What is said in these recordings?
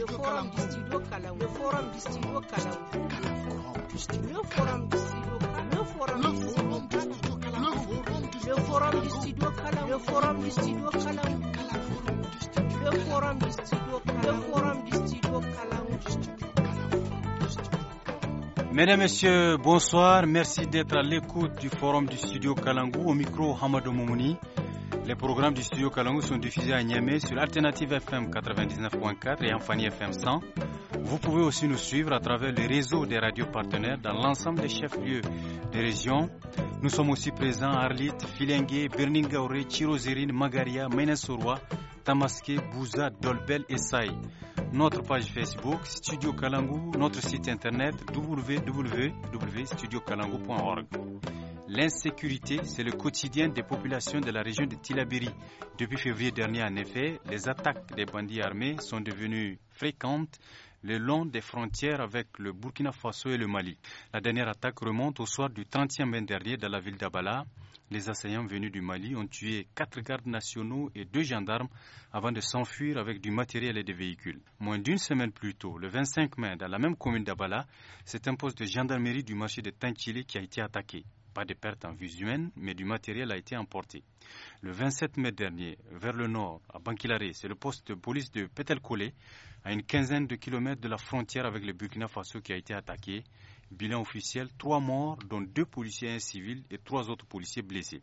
le forum du studio Mesdames, Messieurs, bonsoir. Merci d'être à l'écoute du forum du studio Kalangou au micro Hamadou Moumouni. Les programmes du studio Kalangu sont diffusés à Niamey sur Alternative FM 99.4 et Amphani FM 100. Vous pouvez aussi nous suivre à travers les réseaux des radios partenaires dans l'ensemble des chefs-lieux des régions. Nous sommes aussi présents à Arlit, Filengue, Berningaure, Chirozirine, Magaria, Menesoroa, Tamaské, Bouza, Dolbel et Saï. Notre page Facebook, Studio Kalangu, notre site internet www.studiokalangu.org. L'insécurité, c'est le quotidien des populations de la région de Tilabiri. Depuis février dernier, en effet, les attaques des bandits armés sont devenues fréquentes le long des frontières avec le Burkina Faso et le Mali. La dernière attaque remonte au soir du 30 mai dernier dans la ville d'Abala. Les assaillants venus du Mali ont tué quatre gardes nationaux et deux gendarmes avant de s'enfuir avec du matériel et des véhicules. Moins d'une semaine plus tôt, le 25 mai, dans la même commune d'Abala, c'est un poste de gendarmerie du marché de Tinkili qui a été attaqué pas de pertes en vue humaine, mais du matériel a été emporté. Le 27 mai dernier, vers le nord, à Bankilaré, c'est le poste de police de Petelkolé, à une quinzaine de kilomètres de la frontière avec le Burkina Faso qui a été attaqué. Bilan officiel, trois morts, dont deux policiers et et trois autres policiers blessés.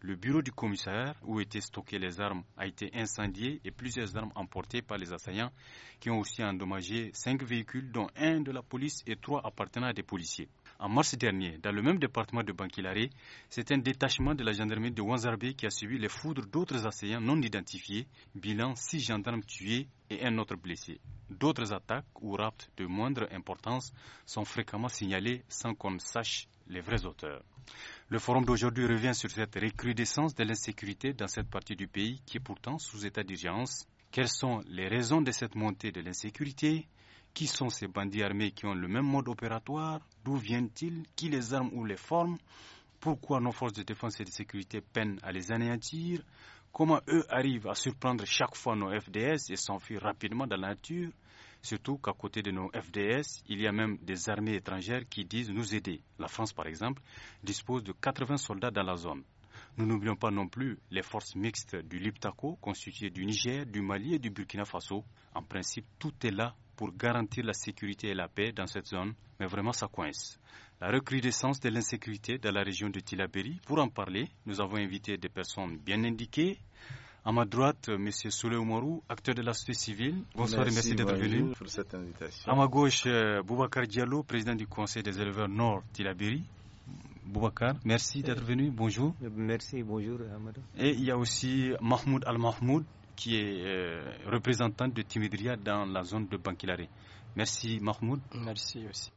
Le bureau du commissaire où étaient stockées les armes a été incendié et plusieurs armes emportées par les assaillants qui ont aussi endommagé cinq véhicules dont un de la police et trois appartenant à des policiers. En mars dernier, dans le même département de Bankilare, c'est un détachement de la gendarmerie de Wanzarbe qui a subi les foudres d'autres assaillants non identifiés, bilan six gendarmes tués et un autre blessé. D'autres attaques ou raptes de moindre importance sont fréquemment signalées sans qu'on sache les vrais auteurs. Le forum d'aujourd'hui revient sur cette recrudescence de l'insécurité dans cette partie du pays qui est pourtant sous état d'urgence. Quelles sont les raisons de cette montée de l'insécurité qui sont ces bandits armés qui ont le même mode opératoire D'où viennent-ils Qui les arme ou les forme Pourquoi nos forces de défense et de sécurité peinent à les anéantir Comment eux arrivent à surprendre chaque fois nos FDS et s'enfuir rapidement dans la nature Surtout qu'à côté de nos FDS, il y a même des armées étrangères qui disent nous aider. La France, par exemple, dispose de 80 soldats dans la zone. Nous n'oublions pas non plus les forces mixtes du Liptako, constituées du Niger, du Mali et du Burkina Faso. En principe, tout est là pour garantir la sécurité et la paix dans cette zone, mais vraiment ça coince. La recrudescence de l'insécurité dans la région de Tilaberi, pour en parler, nous avons invité des personnes bien indiquées. À ma droite, M. Soule Oumarou, acteur de la société civile. Bonsoir merci, et merci d'être venu. À ma gauche, euh, Boubacar Diallo, président du Conseil des éleveurs Nord Tilaberi. Boubacar, merci d'être venu. Bonjour. Merci, bonjour. Et il y a aussi Mahmoud Al-Mahmoud, qui est euh, représentante de Timidria dans la zone de Banquilare. Merci Mahmoud. Merci aussi.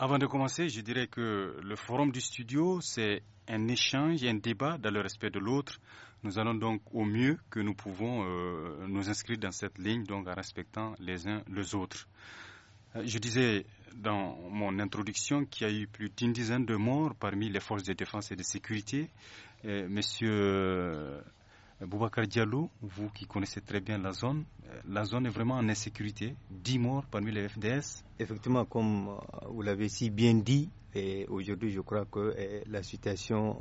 Avant de commencer, je dirais que le forum du studio, c'est un échange un débat dans le respect de l'autre. Nous allons donc au mieux que nous pouvons euh, nous inscrire dans cette ligne, donc en respectant les uns les autres. Euh, je disais dans mon introduction qu'il y a eu plus d'une dizaine de morts parmi les forces de défense et de sécurité. Euh, monsieur Boubacar Diallo, vous qui connaissez très bien la zone, euh, la zone est vraiment en insécurité. 10 morts parmi les FDS. Effectivement, comme euh, vous l'avez si bien dit, et aujourd'hui je crois que euh, la situation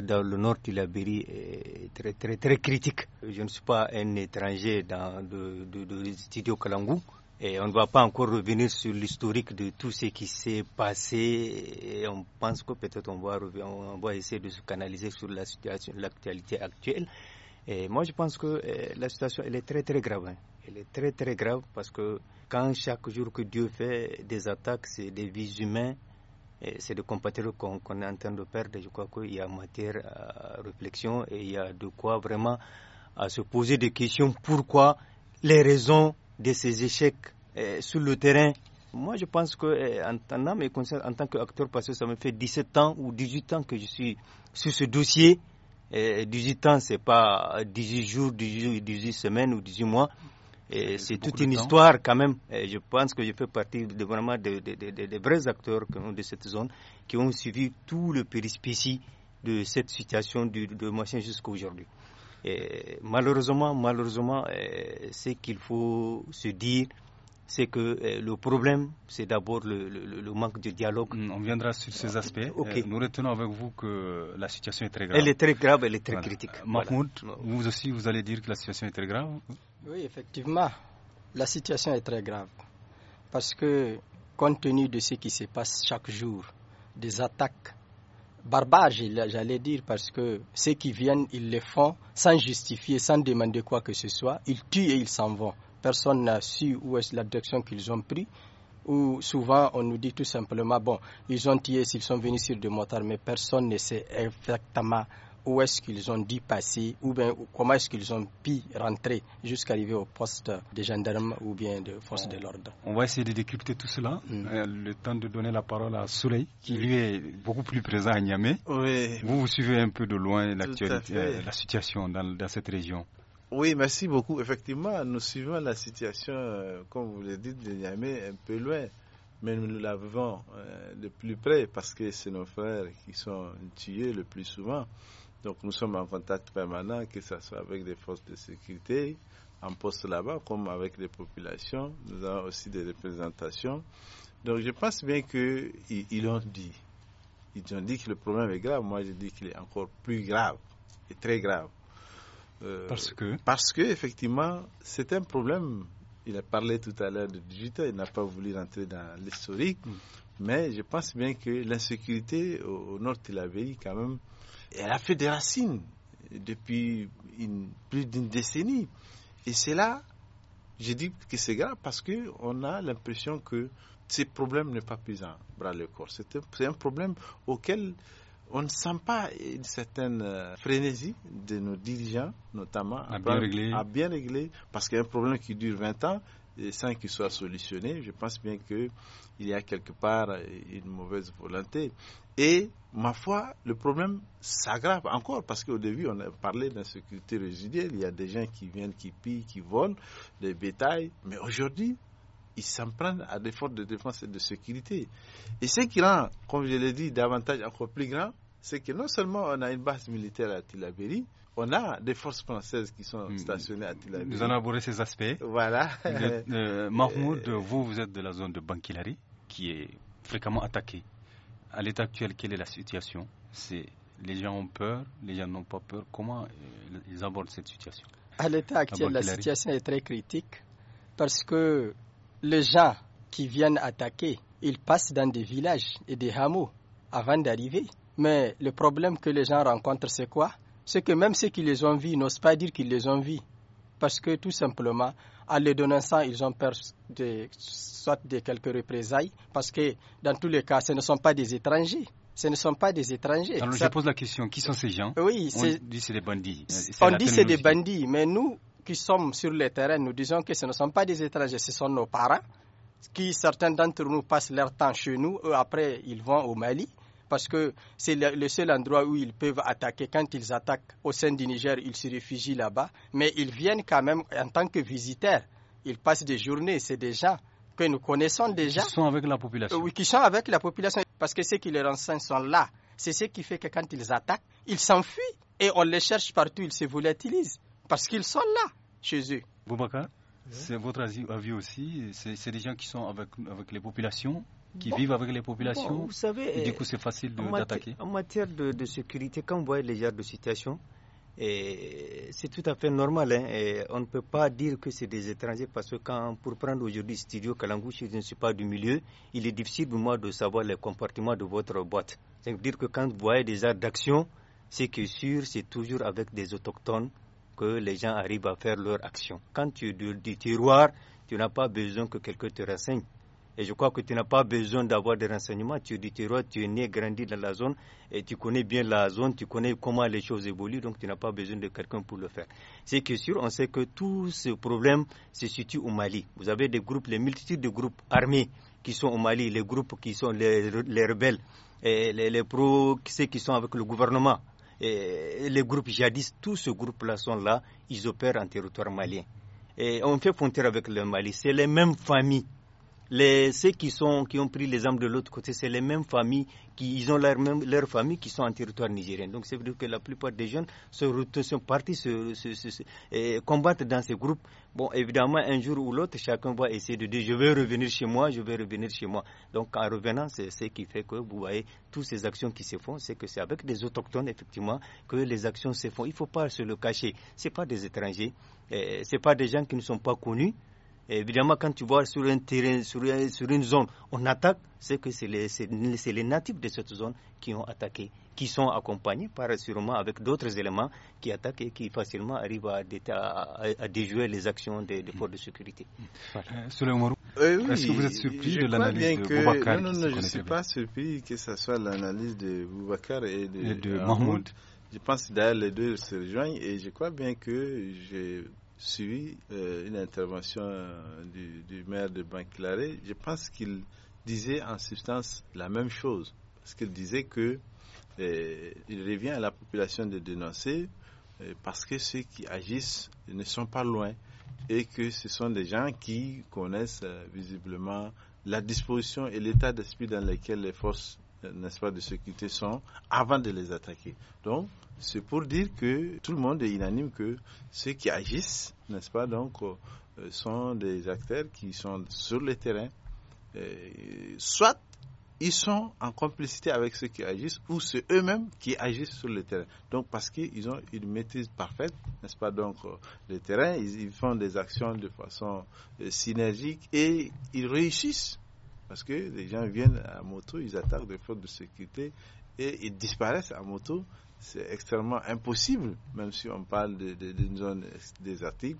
dans le nord du Labéry est très, très, très critique. Je ne suis pas un étranger dans de, de, studio Kalangou. Et on ne va pas encore revenir sur l'historique de tout ce qui s'est passé. Et on pense que peut-être on va, on va essayer de se canaliser sur la situation, l'actualité actuelle. Et moi, je pense que euh, la situation, elle est très, très grave. Hein. Elle est très, très grave parce que quand chaque jour que Dieu fait des attaques, c'est des vies humaines, c'est des compatriotes qu'on est en train de perdre. Je crois qu'il y a matière à réflexion et il y a de quoi vraiment à se poser des questions. Pourquoi les raisons de ces échecs euh, sur le terrain Moi, je pense que, euh, en, en, tant qu'acteur, parce que ça me fait 17 ans ou 18 ans que je suis sur ce dossier, et 18 ans, n'est pas 18 jours, 18, 18, semaines ou 18 mois. C'est toute une histoire quand même. Et je pense que je fais partie de vraiment des vrais acteurs de cette zone qui ont suivi tout le périspécie de cette situation de Machin jusqu'à aujourd'hui. malheureusement, malheureusement, eh, c'est qu'il faut se dire c'est que euh, le problème, c'est d'abord le, manque de dialogue. Mm, on viendra sur ces ah, aspects. Euh, nous retenons avec vous que la situation est très grave. Elle est très grave, elle est très critique. Euh, Mahmoud, vous aussi, vous allez dire que la situation est très grave Oui, effectivement, la situation est très grave. Parce que, compte tenu de ce qui se passe chaque jour, des attaques barbares, j'allais dire, parce que ceux qui viennent, ils les font sans justifier, sans demander quoi que ce soit. Ils tuent et ils s'en vont personne n'a su où est la direction qu'ils ont pris. Ou souvent, on nous dit tout simplement, bon, ils ont tiré s'ils sont venus sur des motards, mais personne ne sait exactement où est-ce qu'ils ont dû passer ou bien comment est-ce qu'ils ont pu rentrer jusqu'à arriver au poste de gendarme ou bien de force de l'ordre. On va essayer de décrypter tout cela. Hmm. Euh, le temps de donner la parole à Soleil, qui lui est beaucoup plus présent à Niamey. Vous vous suivez un peu de loin l'actualité, euh, la situation dans cette région. Oui, merci beaucoup. Effectivement, nous suivons la situation, euh, comme vous le dites, de Niamey un peu loin, mais nous la euh, de plus près parce que c'est nos frères qui sont tués le plus souvent. Donc nous sommes en contact permanent, que ce soit avec des forces de sécurité en poste là-bas, comme avec les populations. Nous avons aussi des représentations. Donc je pense bien qu'ils ils ont dit. Ils ont dit que le problème est grave. Moi, je dis qu'il est encore plus grave et très grave. Euh, parce que Parce que, effectivement, c'est un problème. Il a parlé tout à l'heure de digital, il n'a pas voulu rentrer dans l'historique, mm. mais je pense bien que l'insécurité au, nord de la quand même, elle a fait des racines depuis une, plus d'une décennie. Et c'est là, je dis que c'est grave parce qu'on a l'impression que ces problèmes n'est pas plus en bras le corps. C'est un problème auquel on ne sent pas une certaine euh, frénésie de nos dirigeants, notamment, à, bien, régler. parce qu'il y parce qu'un problème qui dure 20 ans, et sans qu'il soit solutionné, je pense bien qu'il y a quelque part euh, une mauvaise volonté. Et, ma foi, le problème s'aggrave encore, parce qu'au début, on a parlé d'insécurité résiduelle, il y a des gens qui viennent, qui pillent, qui volent des bétails, mais aujourd'hui, ils s'en prennent à des forces de défense et de sécurité. Et ce qui rend, comme je l'ai dit, davantage encore plus grand, c'est que non seulement on a une base militaire à Tilaberi, on a des forces françaises qui sont hmm. stationnées à Tilaberi. Nous allons aborder ces aspects. Voilà. Euh, Mahmoud, vous, vous êtes de la zone de Bankilari, qui est fréquemment attaquée. À l'état actuel, quelle est la situation C'est Les gens ont peur, les gens n'ont pas peur. Comment euh, ils abordent cette situation À l'état actuel, la situation est très critique parce que les gens qui viennent attaquer, ils passent dans des villages et des hameaux avant d'arriver. Mais le problème que les gens rencontrent, c'est quoi C'est que même ceux qui les ont vus n'osent pas dire qu'ils les ont vus. Parce que tout simplement, en les ça, ils ont peur de, soit de quelques représailles, parce que dans tous les cas, ce ne sont pas des étrangers. Ce ne sont pas des étrangers. Alors, je pose la question qui sont ces gens Oui, on dit c'est des bandits. On dit c'est des bandits, mais nous, qui sommes sur le terrain, nous disons que ce ne sont pas des étrangers, ce sont nos parents, qui certains d'entre nous passent leur temps chez nous, eux après ils vont au Mali, parce que c'est le seul endroit où ils peuvent attaquer. Quand ils attaquent au sein du Niger, ils se réfugient là-bas, mais ils viennent quand même en tant que visiteurs. Ils passent des journées, c'est des gens que nous connaissons déjà. Qui sont avec la population. Oui, qui sont avec la population, parce que ceux qui les renseignent sont là. C'est ce qui fait que quand ils attaquent, ils s'enfuient et on les cherche partout, ils se volatilisent parce qu'ils sont là, chez eux. Boubacar, c'est votre avis aussi. C'est des gens qui sont avec, avec les populations, qui vivent avec les populations. vous savez, et du coup, eh, c'est facile d'attaquer. En, matière de, sécurité, quand vous voyez les arts de situation, eh, c'est tout à fait normal. Hein. et on ne peut pas dire que c'est des étrangers parce que quand, pour prendre aujourd'hui Studio Kalangou, je ne suis pas du milieu, il est difficile pour moi de savoir les comportements de votre boîte. C'est-à-dire que quand vous voyez des arts d'action, c'est que sûr, c'est toujours avec des autochtones que les gens arrivent à faire leur action. Quand tu es du, tiroir, tu n'as pas besoin que quelqu'un te renseigne. Et je crois que tu n'as pas besoin d'avoir des renseignements. Tu es du tiroir, tu es né, grandi dans la zone et tu connais bien la zone, tu connais comment les choses évoluent, donc tu n'as pas besoin de quelqu'un pour le faire. C'est que sûr, on sait que tout ce problème se situe au Mali. Vous avez des groupes, les multitudes de groupes armés qui sont au Mali, les groupes qui sont les, rebelles, et les, les ceux qui sont avec le gouvernement et les groupes jadis, tous ces groupes-là sont là, ils opèrent en territoire malien. Et on fait frontière avec le Mali, c'est les mêmes familles les, ceux qui, sont, qui ont pris les armes de l'autre côté, c'est les mêmes familles, qui, ils ont leurs leur familles qui sont en territoire nigérien. Donc c'est vrai que la plupart des jeunes se, sont partis se, se, dans ces groupes. Bon, évidemment, un jour ou l'autre, chacun va essayer de dire je vais revenir chez moi, je vais revenir chez moi. Donc en revenant, c'est ce qui fait que vous voyez toutes ces actions qui se font, c'est que c'est avec des autochtones, effectivement, que les actions se font. Il ne faut pas se le cacher. Ce pas des étrangers, ne sont pas des gens qui ne sont pas connus évidemment, quand tu vois sur un terrain, sur, sur une zone, on attaque, c'est que c'est les, les, natifs de cette zone qui ont attaqué, qui sont accompagnés par sûrement avec d'autres éléments qui attaquent et qui facilement arrivent à, déjouer les actions des, forces de sécurité. Euh, euh, est-ce que vous êtes surpris de l'analyse de Boubacar Non, non, je ne suis pas surpris que ce soit l'analyse de Boubacar et de, Mahmoud. Je pense d'ailleurs les deux se rejoignent et je crois bien que j'ai suivi euh, une intervention euh, du, maire de Banclaré. Je pense qu'il disait en substance la même chose, parce qu'il disait que euh, il revient à la population de dénoncer parce que ceux qui agissent ne sont pas loin et que ce sont des gens qui connaissent visiblement la disposition et l'état d'esprit dans lequel les forces n'est-ce pas, de sécurité sont avant de les attaquer. Donc, c'est pour dire que tout le monde est unanime que ceux qui agissent, n'est-ce pas, donc, euh, sont des acteurs qui sont sur le terrain. soit ils sont en complicité avec ceux qui agissent ou c'est eux-mêmes qui agissent sur le terrain. Donc parce qu'ils ont une maîtrise parfaite, n'est-ce pas donc euh, le terrain, ils, font des actions de façon euh, synergique et ils réussissent parce que les gens viennent à moto, ils attaquent des forces de sécurité et ils disparaissent à moto c'est extrêmement impossible, même si on parle d'une de, de, zone désertique.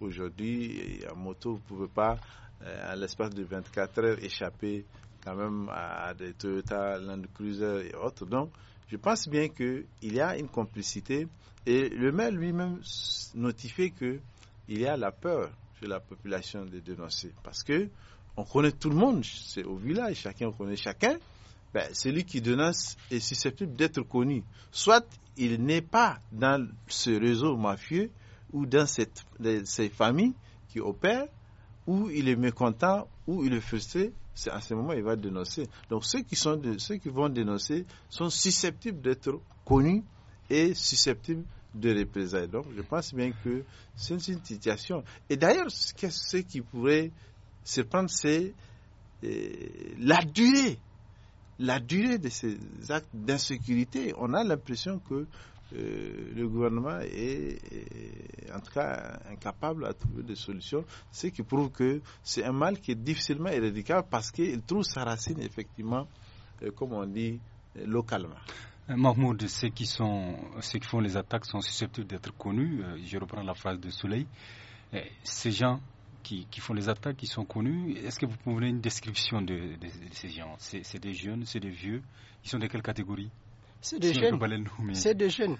Aujourd'hui, en moto, vous ne pouvez pas, à euh, l'espace de 24 heures, échapper quand même à, des Toyota, Land Cruiser et autres. Donc, je pense bien qu'il y a une complicité et le maire lui-même que qu'il y a la peur chez la population de dénoncer parce que on connaît tout le monde, c'est au village, chacun connaît chacun. Ben, celui qui dénonce est susceptible d'être connu. Soit il n'est pas dans ce réseau mafieux ou dans cette, ces familles qui opèrent, ou il est mécontent, ou il est frustré, c'est à ce moment il va dénoncer. Donc ceux qui, sont ceux qui vont dénoncer sont susceptibles d'être connus et susceptibles de représailles. Donc je pense bien que c'est une situation. Et d'ailleurs, ce qui pourrait surprendre, c'est euh, la durée la durée de ces actes d'insécurité, on a l'impression que euh, le gouvernement est, en tout cas incapable de trouver des solutions, ce qui prouve que c'est un mal qui est difficilement éradicable parce qu'il trouve sa racine effectivement, euh, comme on dit, euh, localement. Mahmoud, ceux qui, ceux qui font les attaques sont susceptibles d'être connus. Je reprends la phrase de Soleil. Ces gens qui, font les attaques, qui sont connues Est-ce que vous pouvez donner une description de, ces gens c'est, des jeunes, c'est des vieux Ils sont de quelle catégorie C'est des, jeunes. c'est des jeunes.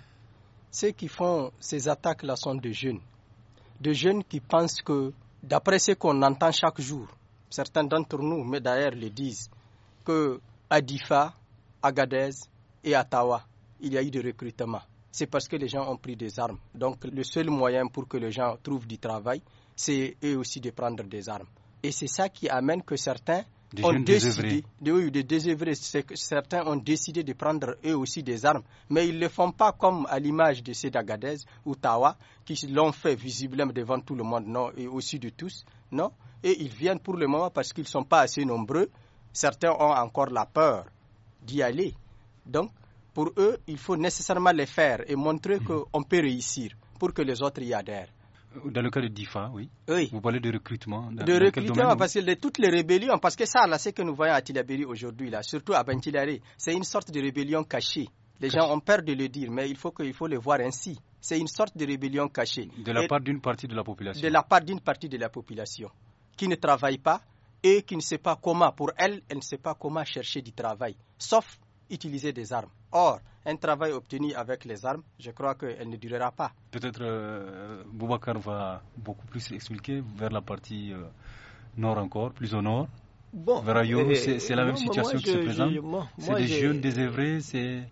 Ceux qui font ces attaques-là sont des jeunes. Des jeunes qui pensent que, d'après ce qu'on entend chaque jour, certains d'entre nous, mais d'ailleurs, le disent, que à Gadez et à Tawa, il y a eu des recrutement. C'est parce que les gens ont pris des armes. Donc le seul moyen pour que les gens trouvent du travail, c'est eux aussi de prendre des armes. Et c'est ça qui amène que certains ont décidé de, de Certains ont décidé de prendre eux aussi des armes, mais ils ne le font pas comme à l'image de ces d'Agadez ou Tawa, qui l'ont fait visiblement devant tout le monde, non, et aussi de tous, non. Et ils viennent pour le moment parce qu'ils ne sont pas assez nombreux. Certains ont encore la peur d'y aller. Donc, pour eux, il faut nécessairement les faire et montrer mmh. qu'on peut réussir pour que les autres y adhèrent. Euh, dans le cas de DIFA, oui. Vous parlez de recrutement. de recrutement, parce que toutes les rébellions, parce que ça, là, ce que nous voyons à Tilaberi aujourd'hui, là, surtout à Bentilari, c'est une sorte de rébellion cachée. Les gens ont peur de le dire, mais il faut, que, faut le voir ainsi. C'est une sorte de rébellion cachée. De la part d'une partie de la population. De la part d'une partie de la population qui ne travaille pas et qui ne sait pas comment, pour elle, elle ne sait pas comment chercher du travail, sauf utiliser des armes. Or, un travail obtenu avec les armes, je crois qu'elle ne durera pas. Peut-être euh, Boubacar va beaucoup plus expliquer vers la partie euh, nord encore, plus au nord. Bon, vers euh, c'est la même situation qui se présente. C'est des jeunes désœuvrés, c'est.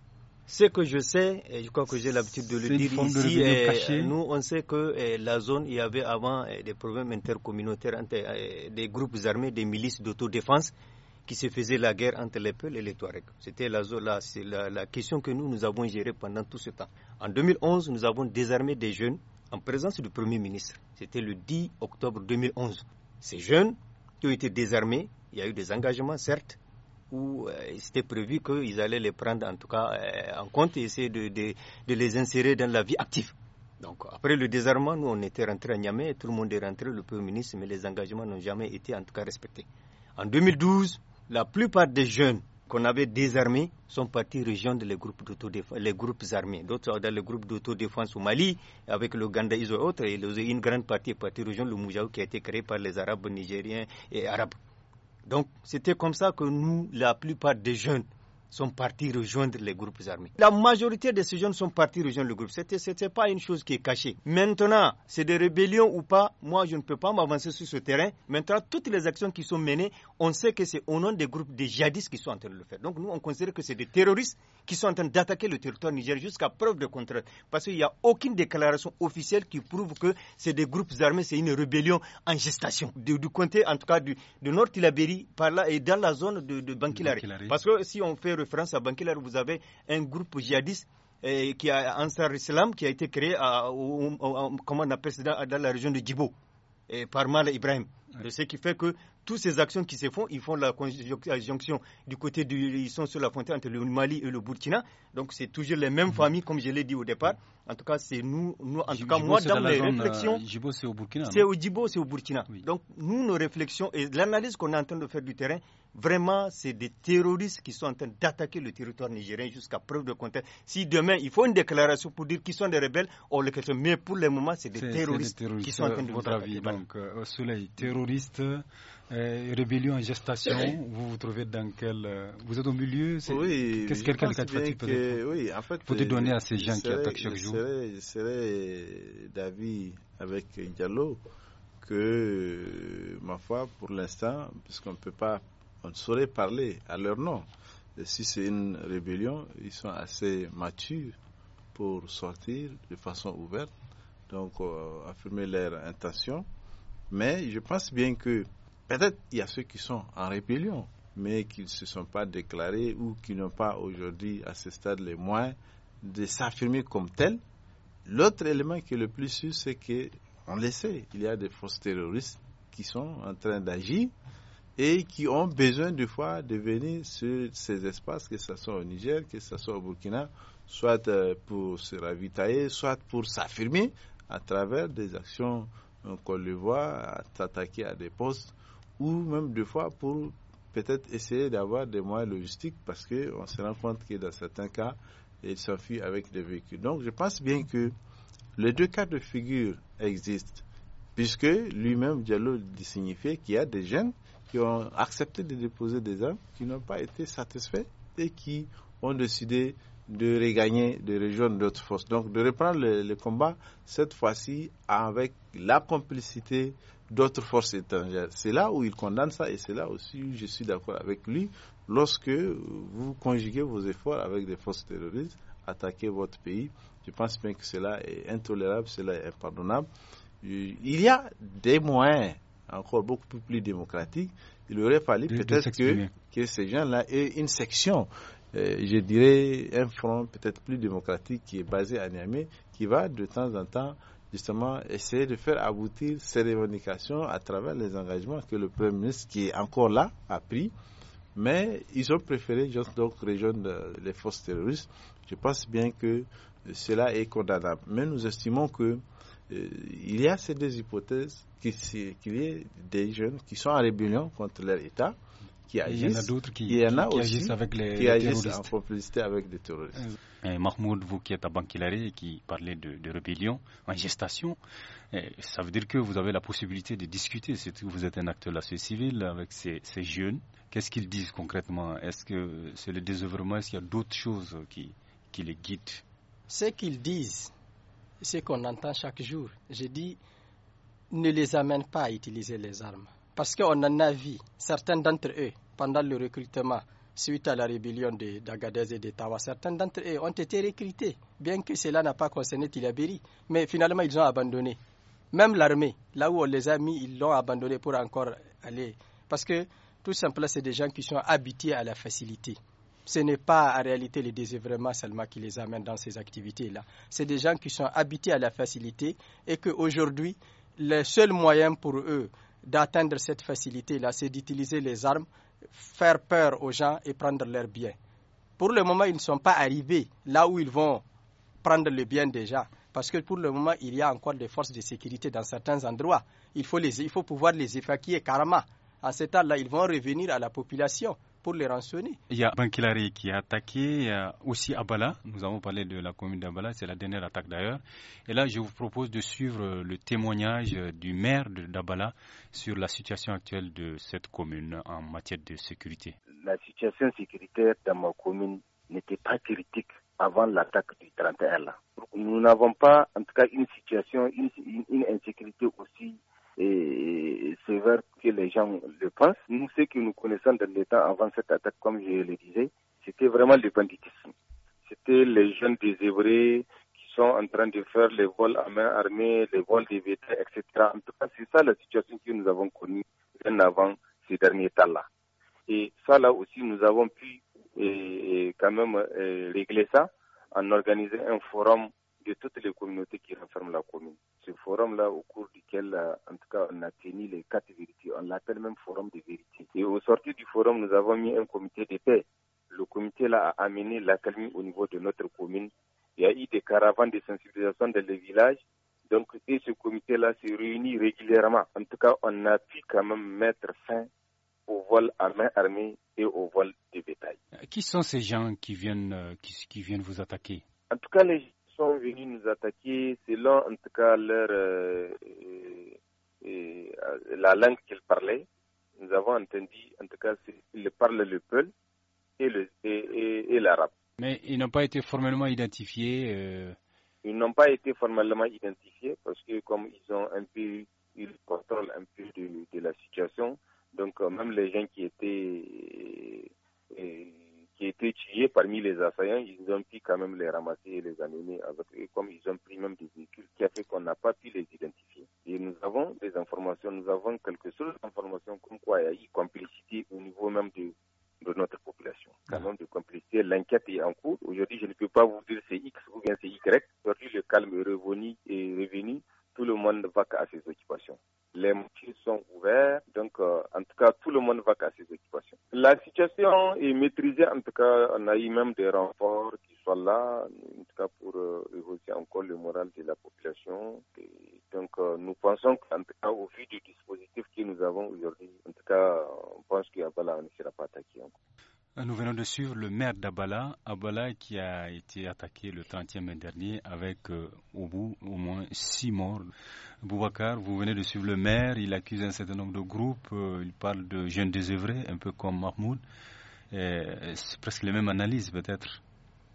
Ce que je sais, et je crois que j'ai l'habitude de le dire ici, nous on sait que la zone, il y avait avant des problèmes intercommunautaires entre des groupes armés, des milices d'autodéfense qui se faisait la guerre entre les Peuls et les Touaregs. C'était la, la, question que nous, nous avons gérée pendant tout ce temps. En 2011, nous avons désarmé des jeunes en présence du Premier ministre. C'était le 10 octobre 2011. Ces jeunes qui ont été désarmés, il y a eu des engagements, certes, où c'était euh, prévu qu'ils allaient les prendre en tout cas euh, en compte et essayer de, les insérer dans la vie active. Donc après le désarmement, nous on était rentrés à Niamey, tout le monde est rentré, le Premier ministre, mais les engagements n'ont jamais été en tout cas respectés. En 2012, la plupart des jeunes qu'on avait désarmés sont partis rejoindre les groupes, les groupes armés. D'autres dans les groupes d'autodéfense au Mali, avec le Gandaïs et autres, et une grande partie est partie rejoindre le Moujaou qui a été créé par les Arabes nigériens et Arabes. Donc c'était comme ça que nous, la plupart des jeunes sont partis rejoindre les groupes armés. La majorité de ces jeunes sont partis rejoindre le groupe. Ce n'était pas une chose qui est cachée. Maintenant, c'est des rébellions ou pas, moi je ne peux pas m'avancer sur ce terrain. Maintenant, toutes les actions qui sont menées, on sait que c'est au nom des groupes des jadis, qui sont en train de le faire. Donc nous, on considère que c'est des terroristes qui sont en train d'attaquer le territoire nigérien jusqu'à preuve de contraire. Parce qu'il n'y a aucune déclaration officielle qui prouve que c'est des groupes armés, c'est une rébellion en gestation. Du, côté, comté, en tout cas, du, du nord Tilaberi, par là, et dans la zone de, de Parce que si on fait France, à Bankiller, vous avez un groupe djihadiste euh, qui a Ansar Islam qui a été créé au, dans la région de Djibo par Mal Ibrahim. ce qui fait que toutes ces actions qui se font, ils font la conjonction du côté du, ils sont sur la frontière entre le Mali et le Burkina. Donc c'est toujours les mêmes mm-hmm. familles, comme je l'ai dit au départ. En tout cas, c'est nous, en tout cas moi, dans, mes euh, réflexions, c'est au Burkina. C'est au Djibo, c'est au Burkina. Donc nous, nos réflexions et l'analyse qu'on est en train de faire du terrain, vraiment, c'est des terroristes qui sont en train d'attaquer le territoire nigérien jusqu'à preuve de contraire. Si demain il faut une déclaration pour dire qu'ils sont des rebelles, on le questionne. Mais pour le moment, c'est des, terroristes qui sont en train de euh, votre attaquer. donc, au euh, Soleil, terroristes. Euh, rébellion en gestation, vous vous trouvez dans quel. Euh, vous êtes au milieu Oui. Qu'est-ce que quelqu'un peut oui, euh, donner à ces gens qui attaquent chaque jour Je serais d'avis avec Diallo que, ma foi, pour l'instant, puisqu'on ne peut pas. On ne saurait parler à leur nom. si c'est une rébellion, ils sont assez matures pour sortir de façon ouverte, donc affirmer leur intention. Mais je pense bien que Peut-être il y a ceux qui sont en rébellion, mais qui ne se sont pas déclarés ou qui n'ont pas aujourd'hui, à ce stade, les moyens de s'affirmer comme tels. L'autre élément qui est le plus sûr, c'est que, on le sait, il y a des forces terroristes qui sont en train d'agir et qui ont besoin des fois de venir sur ces espaces, que ce soit au Niger, que ce soit au Burkina, soit euh, pour se ravitailler, soit pour s'affirmer à travers des actions qu'on le voit s'attaquer à des postes ou même deux fois pour peut-être essayer d'avoir des moyens logistiques parce qu'on se rend compte que dans certains cas, ils s'enfuient avec des véhicules. Donc je pense bien que les deux cas de figure existent, puisque lui-même Diallo signifie qu'il y a des jeunes qui ont accepté de déposer des armes, qui n'ont pas été satisfaits et qui ont décidé de regagner de rejoindre d'autres forces. Donc de reprendre le, combat, cette fois-ci avec la complicité d'autres forces étrangères. C'est là où il condamne ça et c'est là aussi où je suis d'accord avec lui. Lorsque vous conjuguez vos efforts avec des forces terroristes, attaquer votre pays, je pense bien que cela est intolérable, cela est impardonnable. Euh, il y a des moyens encore beaucoup plus démocratiques. Il aurait fallu peut-être que, que ces gens-là aient une section euh, je dirais, un front peut-être plus démocratique qui est basé à Niamey, qui va de temps en temps justement essayer de faire aboutir ces revendications à travers les engagements que le Premier ministre, qui est encore là, a pris. Mais ils ont préféré juste donc rejoindre euh, les forces terroristes. Je pense bien que euh, cela est condamnable. Mais nous estimons que il y a ces deux hypothèses qu'il y ait des jeunes qui sont en rébellion contre leur État, il y en a d'autres qui, agissent avec les, terroristes. en complicité avec des terroristes. Euh, Mahmoud, vous qui êtes à et qui parlez de, rébellion en gestation, euh, ça veut dire que vous avez la possibilité de discuter. Vous êtes un acteur de la société civile avec ces, jeunes. Qu'est-ce qu'ils disent concrètement Est-ce que c'est le désœuvrement Est-ce qu'il y a d'autres choses qui, qui les guident Ce qu'ils disent, ce qu'on entend chaque jour, je dis, ne les amène pas à utiliser les armes parce qu'on en a vu certains d'entre eux pendant le recrutement suite à la rébellion d'Agadez et d'Etawa. Certains d'entre eux ont été recrutés, bien que cela n'a pas concerné Tilaberi. Mais finalement, ils ont abandonné. Même l'armée, là où on les a mis, ils l'ont abandonné pour encore aller. Parce que tout simplement, c'est des gens qui sont habitués à la facilité. Ce n'est pas en réalité le désœuvrement seulement qui les amène dans ces activités-là. C'est des gens qui sont habitués à la facilité et qu'aujourd'hui, le seul moyen pour eux d'atteindre cette facilité-là, c'est d'utiliser les armes, faire peur aux gens et prendre leurs biens. Pour le moment, ils ne sont pas arrivés là où ils vont prendre le bien déjà, Parce que pour le moment, il y a encore des forces de sécurité dans certains endroits. Il faut, les, il faut pouvoir les évacuer carrément. À cet temps-là, ils vont revenir à la population pour les rançonner. Il y a Bankilari qui a attaqué aussi Abala. Nous avons parlé de la commune d'Abala, c'est la dernière attaque d'ailleurs. Et là, je vous propose de suivre le témoignage du maire d'Abala sur la situation actuelle de cette commune en matière de sécurité. La situation sécuritaire dans ma commune n'était pas critique avant l'attaque du 31 là. Nous n'avons pas, en tout cas, une situation, une, insécurité aussi et que les gens le pensent. Nous, ceux que nous connaissons dans les temps avant cette attaque, comme je le disais, c'était vraiment le banditisme. C'était les jeunes désœuvrés qui sont en train de faire les vols à main armée, les vols des VT, etc. En tout cas, c'est ça la situation que nous avons connue bien avant ces derniers temps-là. Et ça, là aussi, nous avons pu et, quand même euh, régler ça en organisant un forum de toutes les communautés qui renferment la commune. Ce forum-là, au cours duquel, euh, en tout cas, on a tenu les quatre vérités, on l'appelle même forum des vérités. Et au sortie du forum, nous avons mis un comité de paix. Le comité-là a amené la calme au niveau de notre commune. Il y a eu des caravanes de sensibilisation dans les villages. Donc, et ce comité-là s'est réunit régulièrement. En tout cas, on a pu quand même mettre fin au vol à main armée et au vol de bétail. Qui sont ces gens qui viennent, euh, qui, qui viennent vous attaquer En tout cas, les sont venus nous attaquer selon en tout cas leur, euh, euh, euh, la langue qu'ils parlaient. Nous avons entendu en tout cas qu'ils parlent le peul et l'arabe. Et, et, Mais ils n'ont pas été formellement identifiés Ils n'ont pas été formellement identifiés parce que comme ils ont un peu, ils contrôlent un peu de la situation, donc même les gens qui étaient été parmi les assaillants, ils ont pu quand même les ramasser et les amener avec eux, comme ils ont pris même des véhicules qui a fait qu'on n'a pas pu les identifier. Et nous avons des informations, nous avons quelques sources d'informations comme quoi il y a eu complicité au niveau même de, de notre population. Quand ah. de complicité, l'enquête est en cours. Aujourd'hui, je ne peux pas vous dire c'est X ou bien c'est Y. Aujourd'hui, le calme est revenu tout le monde va à ses occupations. Les motifs sont ouverts, donc euh, en tout cas, tout le monde va à ses occupations. La situation est maîtrisée, en tout cas, on a eu même des renforts qui sont là, en tout cas pour évoquer euh, encore le moral de la population. donc euh, nous pensons qu'en tout cas, au vu du dispositif que nous avons aujourd'hui, en tout cas, on pense qu'il ne sera pas attaqué encore. Euh, nous venons de suivre le maire d'Abala, Abala qui a été attaqué le 30 mai dernier avec euh, au bout au moins six morts. Boubacar, vous venez de suivre le maire, il accuse un certain nombre de groupes, euh, il parle de jeunes désœuvrés, un peu comme Mahmoud. C'est presque la même analyse peut-être.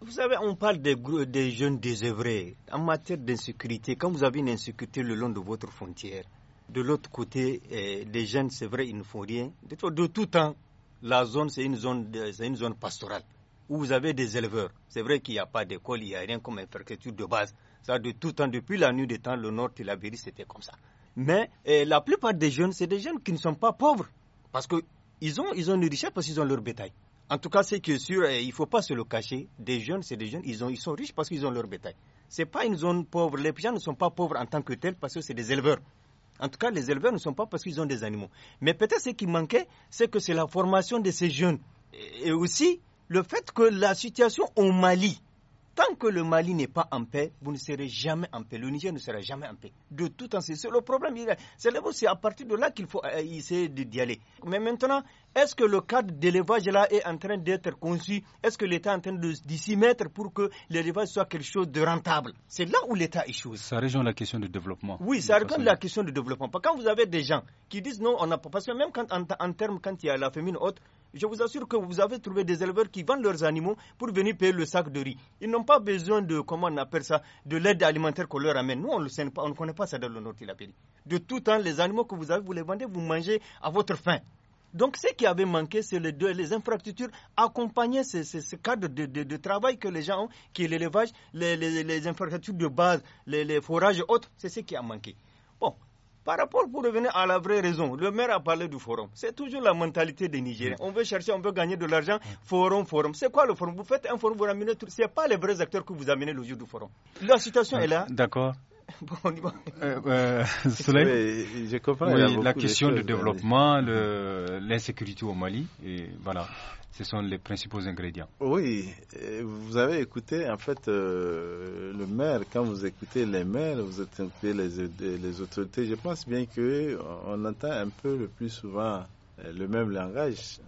Vous savez, on parle des, jeunes désœuvrés. En matière d'insécurité, quand vous avez une insécurité le long de votre frontière, de l'autre côté, eh, des les jeunes, c'est vrai, ils ne font rien. de tout temps, la zone, c'est une zone, c'est une zone pastorale où vous avez des éleveurs. C'est vrai qu'il n'y a pas d'école, il n'y a rien comme infrastructure de base. Ça, de tout temps, depuis la nuit des temps, le nord de la c'était comme ça. Mais eh, la plupart des jeunes, c'est des jeunes qui ne sont pas pauvres. Parce qu'ils ont, ils ont une richesse parce qu'ils ont leur bétail. En tout cas, c'est que sûr, eh, il ne faut pas se le cacher. Des jeunes, c'est des jeunes, ils, ont, ils sont riches parce qu'ils ont leur bétail. Ce n'est pas une zone pauvre. Les gens ne sont pas pauvres en tant que tels parce que c'est des éleveurs. En tout cas, les éleveurs ne sont pas parce qu'ils ont des animaux. Mais peut-être ce qui manquait, c'est que c'est la formation de ces jeunes. Et aussi le fait que la situation au Mali, tant que le Mali n'est pas en paix, vous ne serez jamais en paix. Le Niger ne sera jamais en paix. De tout en c'est le problème. C'est à partir de là qu'il faut euh, essayer d'y aller. Mais maintenant, est-ce que le cadre d'élevage là est en train d'être conçu Est-ce que l'État est en train de, s'y mettre pour que l'élevage soit quelque chose de rentable C'est là où l'État échoue. Ça rejoint la question du développement. Oui, ça rejoint la question du développement. Parce Quand vous avez des gens qui disent non, on n'a pas. Parce que même quand, en, termes, quand il y a la famine haute, je vous assure que vous avez trouvé des éleveurs qui vendent leurs animaux pour venir payer le sac de riz. Ils n'ont pas besoin de, comment on appelle ça, de l'aide alimentaire qu'on leur amène. Nous, on ne on connaît pas ça dans le nord de la De tout temps, les animaux que vous avez, vous les vendez, vous mangez à votre faim. Donc ce qui avait manqué, c'est les, infrastructures accompagner ce, cadre de, travail que les gens ont, qui est l'élevage, les, infrastructures de base, les, forages et autres, c'est ce qui a manqué. Bon, par rapport, pour revenir à la vraie raison, le maire a parlé du forum. C'est toujours la mentalité des Nigériens. On veut chercher, on veut gagner de l'argent. Forum, forum. C'est quoi le forum Vous faites un forum, vous ramenez tout. Ce pas les vrais acteurs que vous amenez le jour du forum. La situation est là. D'accord. bon, euh, euh, je comprends, la question du développement, l'insécurité au Mali, et voilà, ce sont les principaux ingrédients. Oui, vous avez écouté en fait euh, le maire, quand vous écoutez les maires, vous écoutez les, autorités, je pense bien qu'on entend un peu le plus souvent le même langage.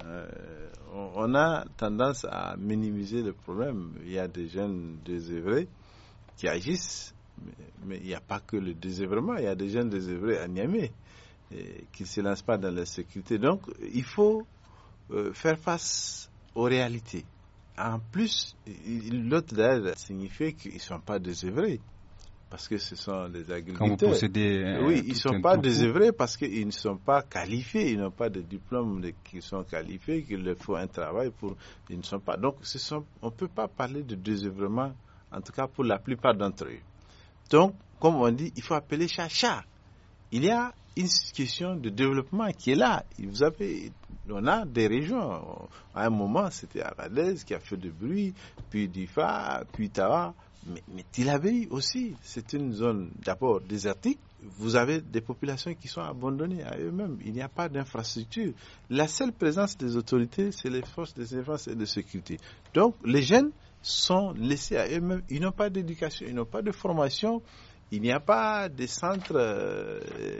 on a tendance à minimiser le problème. Il y a des jeunes désœuvrés qui agissent mais il n'y a pas que le désœuvrement, il y a des jeunes désœuvrés à Niamey qui ne se lancent pas dans la sécurité. Donc il faut euh, faire face aux réalités. En plus, l'autre d'ailleurs signifie qu'ils ne sont pas désœuvrés parce que ce sont des agriculteurs. Euh, oui, ils ne sont pas désœuvrés parce qu'ils ne sont pas qualifiés, ils n'ont pas de diplôme qui sont qualifiés, qu'il leur faut un travail pour. Ils ne sont pas. Donc, on ne peut pas parler de désœuvrement, en tout cas pour la plupart d'entre eux. Donc, comme on dit, il faut appeler chacha. Il y a une question de développement qui est là. Vous avez, on a des régions. À un moment, c'était Aradez qui a fait du bruit, puis Difa, puis Tawa. Mais, mais Tilabéi aussi, c'est une zone d'abord désertique. Vous avez des populations qui sont abandonnées à eux-mêmes. Il n'y a pas d'infrastructure. La seule présence des autorités, c'est les forces de défense et de sécurité. Donc, les jeunes, sont laissés à eux-mêmes. Ils n'ont pas d'éducation, ils n'ont pas de formation, il n'y a pas de centre,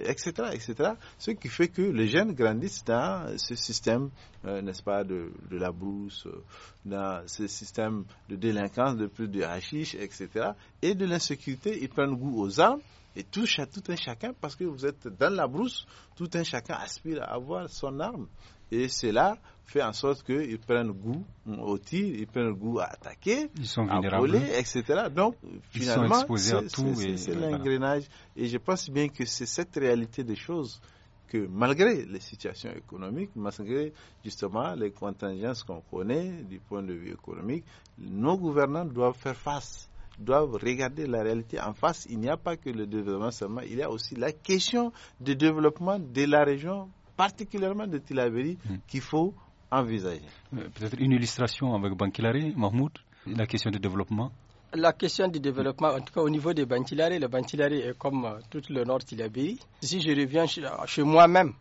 etc., euh, etc. Ce qui fait que les jeunes grandissent dans ce système, euh, n'est-ce pas, de, la brousse, euh, dans ce système de délinquance, de plus de hashish, etc. Et de l'insécurité, ils prennent goût aux armes et à tout un chacun, parce que vous êtes dans la brousse, tout un chacun aspire à avoir son arme. Et c'est là fait en sorte qu'ils prennent goût au tir, ils prennent goût à attaquer, ils sont à voler, hein. etc. Donc, finalement, c'est l'engrenage. Et je pense bien que c'est cette réalité des choses que malgré les situations économiques, malgré justement les contingences qu'on connaît du point de vue économique, nos gouvernants doivent faire face doivent regarder la réalité en face. Il n'y a pas que le développement seulement, il y a aussi la question de développement de la région, particulièrement de Tilaberi, mmh. qu'il faut envisagé. Euh, peut-être une illustration avec Bankilari, Mahmoud, la question du développement la question du développement, en tout cas au niveau des Bankilari, le Bankilari est comme euh, tout le nord Tilabiri. Si je reviens chez, moi-même,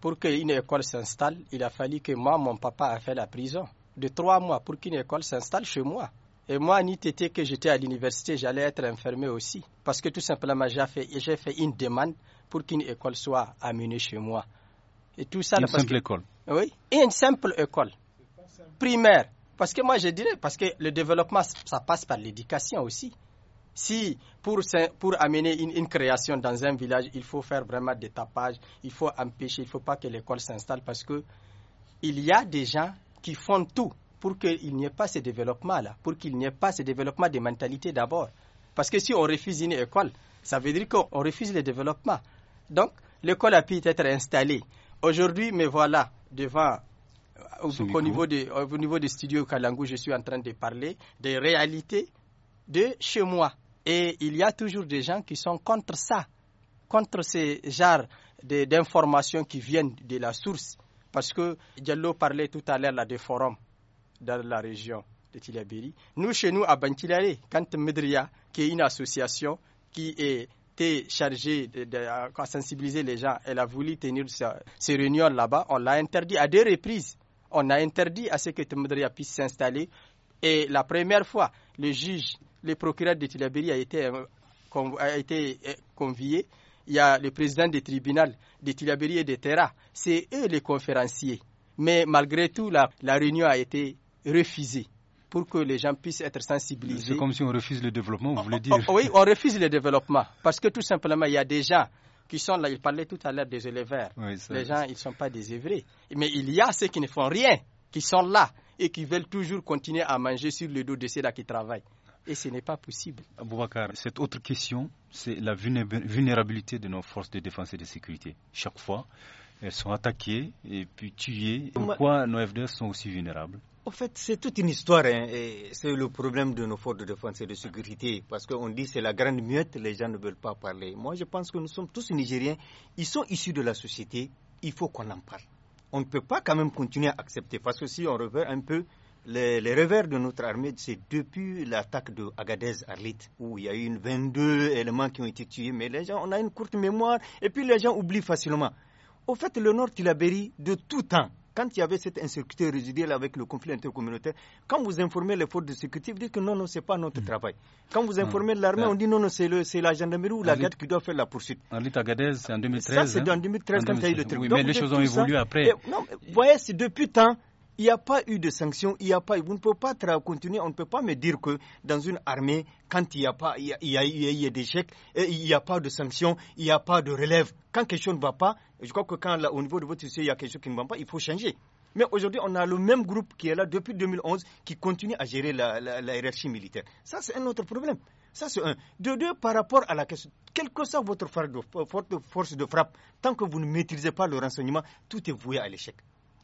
pour qu'une école s'installe, il a fallu que moi, mon papa a fait la prison de trois mois pour qu'une école s'installe chez moi. Et moi, ni t'étais que j'étais à l'université, j'allais être enfermé aussi. Parce que tout simplement, j'ai fait, j'ai fait une demande pour qu'une école soit amenée chez moi. Et tout ça, une simple école. Ah oui, et une simple école primaire. Parce que moi, je dirais, parce que le développement, ça passe par l'éducation aussi. Si pour, pour amener une, une, création dans un village, il faut faire vraiment des tapages, il faut empêcher, il ne faut pas que l'école s'installe parce que il y a des gens qui font tout pour qu'il n'y ait pas ce développement-là, pour qu'il n'y ait pas ce développement des mentalités d'abord. Parce que si on refuse une école, ça veut dire qu'on refuse le développement. Donc, l'école a pu être installée. Aujourd'hui, mais voilà, devant au, niveau des, au niveau des studios Kalangu, je suis en train de parler des réalités de chez moi. Et il y a toujours des gens qui sont contre ça, contre ces genres d'informations qui viennent de la source. Parce que Diallo parlait tout à l'heure des forums dans la région de Tilabiri. Nous, chez nous, à Bantilare, quand Medria, qui est une association qui est été chargée de, sensibiliser les gens. Elle a voulu tenir ces réunions là-bas. On l'a interdit à deux reprises. On a interdit à ce que Temodria puisse s'installer. Et la première fois, le juge, le procureur de Tilaberi a été, euh, a été euh, convié. Il y a le président des tribunal de Tilaberi et de Terra. C'est eux les conférenciers. Mais malgré tout, la réunion a été refusée pour que les gens puissent être sensibilisés. C'est comme si on refuse le développement, vous voulez oh, dire oh, Oui, on refuse le développement parce que tout simplement, il y a des gens qui sont là. Il parlait tout à l'heure des éleveurs. les gens, ils ne sont pas désœuvrés. Mais il y a ceux qui ne font rien, qui sont là et qui veulent toujours continuer à manger sur le dos de ceux-là qui travaillent. Et ce n'est pas possible. Aboubacar, cette autre question, c'est la vulnérabilité de nos forces de défense et de sécurité. Chaque fois, elles sont attaquées et puis tuées. Pourquoi nos FDS sont aussi vulnérables en fait, c'est toute une histoire. Hein, et c'est le problème de nos forces de défense et de sécurité. Parce qu'on dit c'est la grande muette, les gens ne veulent pas parler. Moi, je pense que nous sommes tous Nigériens. Ils sont issus de la société. Il faut qu'on en parle. On ne peut pas quand même continuer à accepter. Parce que si on revient un peu les, revers de notre armée, c'est depuis l'attaque de Agadez Arlit, où il y a eu une 22 éléments qui ont été tués, mais les gens, on a une courte mémoire, et puis les gens oublient facilement. Au fait, le Nord Tilaberi, de tout temps, quand il y avait cette insécurité résiduelle avec le conflit intercommunautaire, quand vous informez les forces de sécurité, vous dites que non, non, ce n'est pas notre hmm. travail. Quand vous ah, informez l'armée, ben, on dit non, non, c'est la gendarmerie ou la garde qui doit faire la poursuite. c'est en 2013. Ça, c'est hein? en 2013 quand il y a eu le truc. Oui, mais les choses ont évolué après. non, vous voyez, c'est depuis tant il n'y a pas eu de sanctions, il n'y a pas, vous ne pouvez pas continuer, on ne peut pas me dire que dans une armée, quand il n'y a pas, il y a, il il n'y a pas de sanctions, il n'y a pas de relève. Quand quelque chose ne va pas, je crois que quand au niveau de votre société, il y a quelque chose qui ne va pas, il faut changer. Mais aujourd'hui, on a le même groupe qui est là depuis 2011 qui continue à gérer la, hiérarchie militaire. Ça, c'est un autre problème. Ça, c'est un. deux, par rapport à la question, quelle que soit votre force de frappe, tant que vous ne maîtrisez pas le renseignement, tout est voué à l'échec.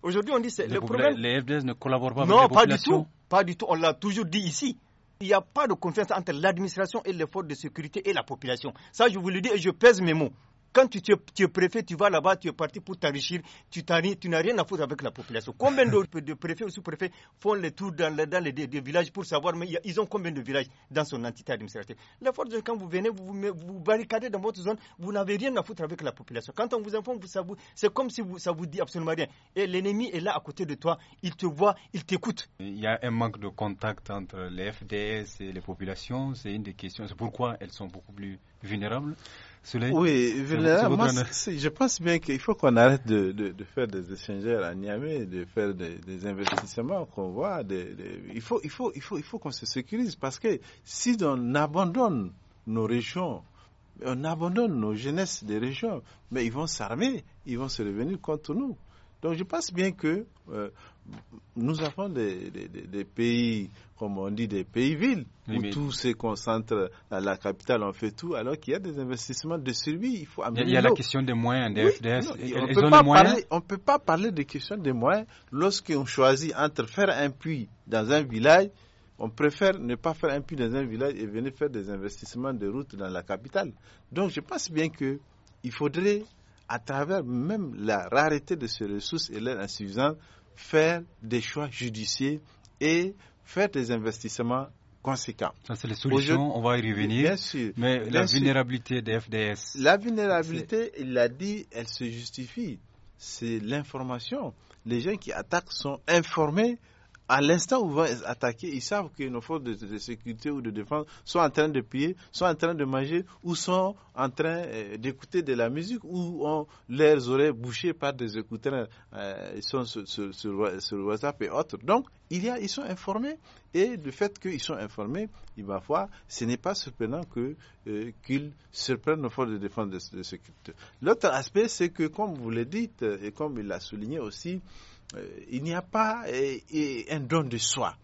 Aujourd'hui, on dit c'est le problème. Les FDS ne collaborent pas non, avec les pas du tout. Pas du tout. On l'a toujours dit ici. Il n'y a pas de confiance entre l'administration et les forces de sécurité et la population. Ça, je vous le dis et je pèse mes mots. Quand tu, es préfet, tu vas là-bas, tu es parti pour t'enrichir, tu, tu n'as rien à foutre avec la population. Combien de, préfets ou sous-préfets font les tours dans, les, villages pour savoir, mais ils ont combien de villages dans son entité administrative La force, quand vous venez, vous, vous barricadez dans votre zone, vous n'avez rien à foutre avec la population. Quand on vous informe, vous, c'est comme si vous, ça vous dit absolument rien. Et l'ennemi est là à côté de toi, il te voit, il t'écoute. Il y a un manque de contact entre les FDS et les populations, c'est une des questions. C'est pourquoi elles sont beaucoup plus vulnérables. Oui, je pense bien qu'il faut qu'on arrête de, faire des échanges à Niamey, de faire des, investissements qu'on voit. il faut, il faut, il faut, il faut qu'on se sécurise parce que si on abandonne nos régions, on abandonne nos jeunesses des régions, mais ils vont s'armer, ils vont se revenir contre nous. Donc je pense bien que euh, nous avons des, pays, comme on dit, des pays-villes, où tout se concentre à la capitale, on fait tout, alors qu'il y a des investissements de survie. Il, faut il y a la question des moyens, des oui, FDS. on ne peut pas parler de question des moyens lorsqu'on choisit entre faire un puits dans un village on préfère ne pas faire un puits dans un village et venir faire des investissements de route dans la capitale. Donc je pense bien que il faudrait, à travers même la rareté de ces ressources et leur insuffisance, faire des choix judiciaires et faire des investissements conséquents. Ça, c'est les solutions, on va y revenir. Bien sûr. Mais la vulnérabilité des FDS. La vulnérabilité, il l'a dit, elle se justifie. C'est l'information. Les gens qui attaquent sont informés à l'instant où vont attaquer, ils savent que nos forces de, sécurité ou de défense sont en train de piller, sont en train de manger ou sont en train euh, d'écouter de la musique ou ont leurs oreilles bouchées par des écouteurs euh, ils sont sur, WhatsApp et autres. Donc, il ils sont informés et le fait qu'ils sont informés, il va falloir, ce n'est pas surprenant euh, qu'ils surprennent nos forces de défense de, de sécurité. L'autre aspect, c'est que, comme vous le dites et comme il l'a souligné aussi, euh, il n'y a pas un don de soi.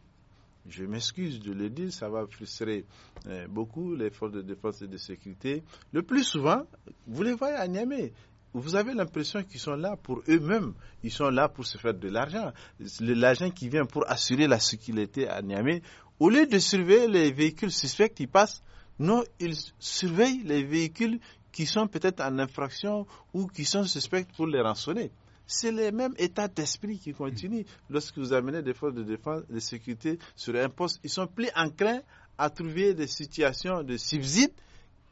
Je m'excuse de le dire, ça va frustrer euh, beaucoup les forces de défense et de sécurité. Le plus souvent, vous les voyez à Niamey, vous avez l'impression qu'ils sont là pour eux-mêmes. Ils sont là pour se faire de l'argent. L'argent qui vient pour assurer la sécurité à Niamey. Au lieu de surveiller les véhicules suspects qui passent, non, ils surveillent les véhicules qui sont peut-être en infraction ou qui sont suspects pour les rançonner. C'est le même état d'esprit qui continue. Lorsque vous amenez des forces de défense, de sécurité sur un poste, ils sont plus enclins à trouver des situations de subsides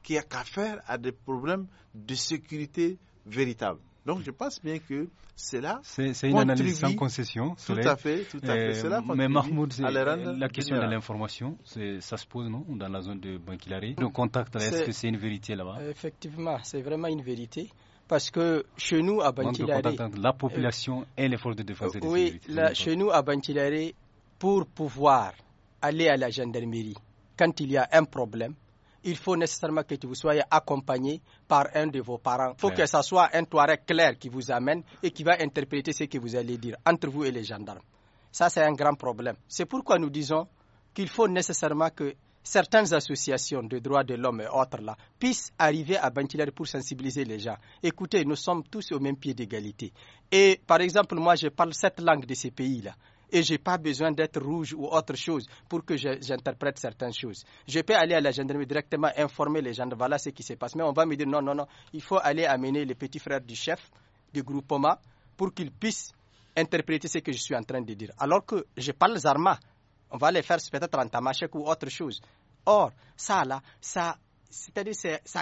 qui n'ont qu'à faire à des problèmes de sécurité véritables. Donc je pense bien que cela C'est une analyse sans concession. Tout à fait, tout à fait. Euh, mais Mahmoud, la question de l'information, ça se pose non dans la zone de Bankilari. Le contact, est-ce que c'est une vérité là-bas Effectivement, c'est vraiment une vérité parce que chez nous à Bantilare. La population euh, et les de Oui, chez nous à pour pouvoir aller à la gendarmerie, quand il y a un problème, il faut nécessairement que vous soyez accompagné par un de vos parents. Il faut que ce soit un toilet clair qui vous amène et qui va interpréter ce que vous allez dire entre vous et les gendarmes. Ça, c'est un grand problème. C'est pourquoi nous disons qu'il faut nécessairement que certaines associations de droits de l'homme et autres là, puissent arriver à Bantilari pour sensibiliser les gens. Écoutez, nous sommes tous au même pied d'égalité. Et par exemple, moi, je parle cette langue de ces pays-là et je n'ai pas besoin d'être rouge ou autre chose pour que j'interprète certaines choses. Je peux aller à la gendarmerie directement informer les gens, voilà ce qui se passe. Mais on va me dire non, non, non, il faut aller amener les petits frères du chef du groupe Oma pour qu'ils puissent interpréter ce que je suis en train de dire. Alors que je parle Zarma, on va les faire peut-être en tamashek ou autre chose. Or, ça là, ça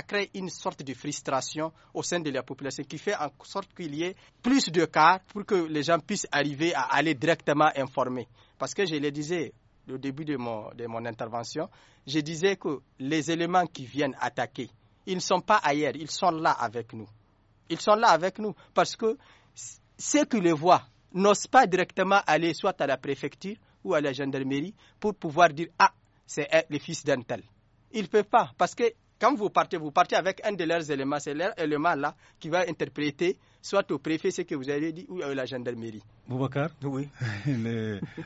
crée une sorte de frustration au sein de la population qui fait en sorte qu'il y ait plus de cas pour que les gens puissent arriver à aller directement informer. Parce que je le disais au début de mon, de mon intervention, je disais que les éléments qui viennent attaquer, ils ne sont pas ailleurs, ils sont là avec nous. Ils sont là avec nous parce que ceux qui les voient n'osent pas directement aller soit à la préfecture, ou à la gendarmerie pour pouvoir dire Ah, c'est le fils d'un tel. Ils ne peuvent pas, parce que quand vous partez, vous partez avec un de leurs éléments. C'est leur élément là qui va interpréter soit au préfet ce que vous avez dit ou à la gendarmerie. Boubacar Oui.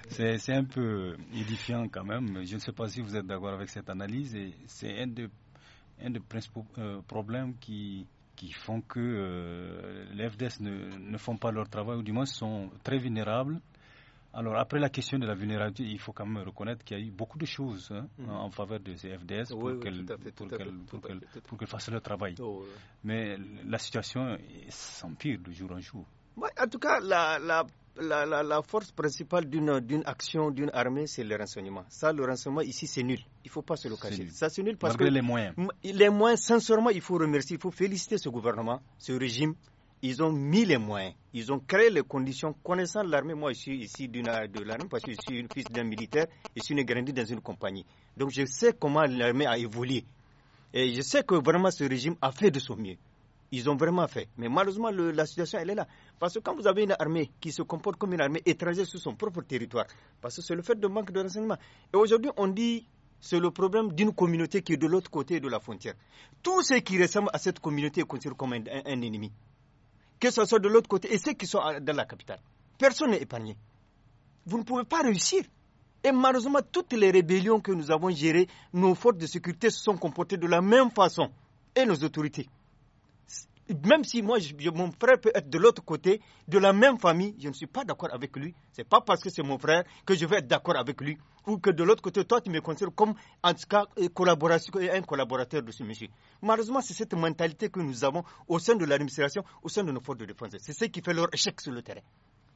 c'est un peu édifiant quand même. Je ne sais pas si vous êtes d'accord avec cette analyse. C'est un des principaux euh, problèmes qui, font que euh, les FDS ne, font pas leur travail, ou du moins sont très vulnérables alors, après la question de la vulnérabilité, il faut quand même reconnaître qu'il y a eu beaucoup de choses hein, mm. en faveur de ces FDS pour qu'elles fassent leur travail. Oh, Mais la situation s'empire de jour en jour. en tout cas, la, la... La, force principale d'une action, d'une armée, c'est le renseignement. Ça, le renseignement ici, c'est nul. Il ne faut pas se le cacher. Ça, c'est nul parce que. les moyens. Les moyens, sincèrement, il faut remercier, il faut féliciter ce gouvernement, ce régime, ils ont mis les moyens, ils ont créé les conditions. Connaissant l'armée, moi je suis ici de l'armée parce que je suis fils d'un militaire et je suis grandi dans une compagnie. Donc je sais comment l'armée a évolué. Et je sais que vraiment ce régime a fait de son mieux. Ils ont vraiment fait. Mais malheureusement, la situation, elle est là. Parce que quand vous avez une armée qui se comporte comme une armée étrangère sur son propre territoire, parce que c'est le fait de manque de renseignements. Et aujourd'hui, on dit c'est le problème d'une communauté qui est de l'autre côté de la frontière. Tout ce qui ressemble à cette communauté est considéré comme un ennemi que ce soit de l'autre côté, et ceux qui sont dans la capitale. Personne n'est épargné. Vous ne pouvez pas réussir. Et malheureusement, toutes les rébellions que nous avons gérées, nos forces de sécurité se sont comportées de la même façon, et nos autorités même si moi, mon frère peut être de l'autre côté, de la même famille, je ne suis pas d'accord avec lui. Ce n'est pas parce que c'est mon frère que je vais être d'accord avec lui. Ou que de l'autre côté, toi, tu me considères comme, en tout cas, euh, euh, un collaborateur de ce monsieur. Malheureusement, c'est cette mentalité que nous avons au sein de l'administration, au sein de nos forces de défense. C'est ce qui fait leur échec sur le terrain.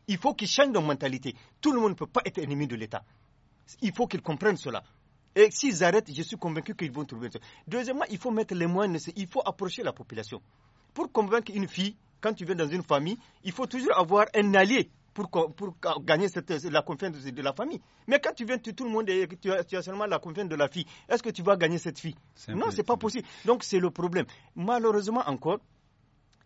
Il faut qu'ils changent de mentalité. Tout le monde ne peut pas être ennemi de l'État. Il faut qu'ils comprennent cela. Et s'ils arrêtent, je suis convaincu qu'ils vont trouver Deuxièmement, il faut mettre les moyens, il faut approcher la population. Pour convaincre une fille, quand tu viens dans une famille, il faut toujours avoir un allié pour, pour gagner la confiance de la famille. Mais quand tu viens, tout le monde, est, tu, tu, as, seulement la confiance de la fille. Est-ce que tu vas gagner cette fille Non, ce n'est pas possible. Donc c'est le problème. Malheureusement encore,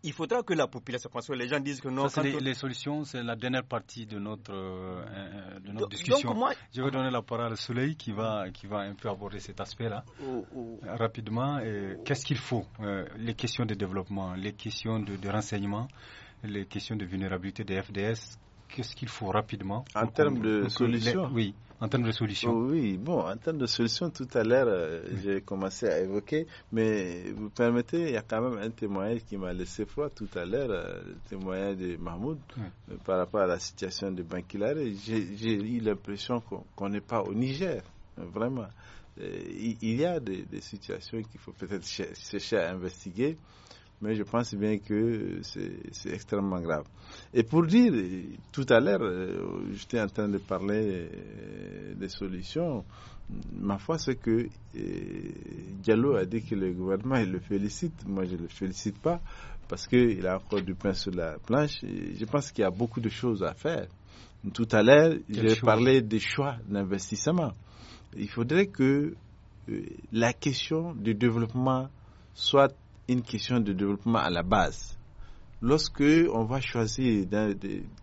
il faudra que la population, parce que les gens disent que non. Ça, les, les, solutions, c'est la dernière partie de notre, euh, euh, de notre discussion. Je vais donner la parole à Soleil qui va, qui va un peu aborder cet aspect-là oh, oh. rapidement. Qu'est-ce qu'il faut euh, Les questions de développement, les questions de, renseignement, les questions de vulnérabilité des FDS, qu'est-ce qu'il faut rapidement En termes de solutions Oui en termes de solutions oh Oui, bon, en termes de solutions, tout à l'heure, euh, j'ai commencé à évoquer, mais vous permettez, il y a quand même un témoignage qui m'a laissé froid tout à l'heure, euh, le témoignage de Mahmoud, euh, par rapport à la situation de Bankilare. J'ai eu l'impression qu'on n'est pas au Niger, vraiment. Il y a des, des situations qu'il faut peut-être chercher à investiguer mais je pense bien que c'est extrêmement grave. Et pour dire, tout à l'heure, euh, j'étais en train de parler euh, des solutions. Ma foi, c'est que euh, Diallo a dit que le gouvernement, il le félicite. Moi, je ne le félicite pas parce qu'il a encore du pain sur la planche. je pense qu'il y a beaucoup de choses à faire. Tout à l'heure, j'ai parlé des choix d'investissement. Il faudrait que la question du développement soit une question de développement à la base. Lorsque on va choisir dans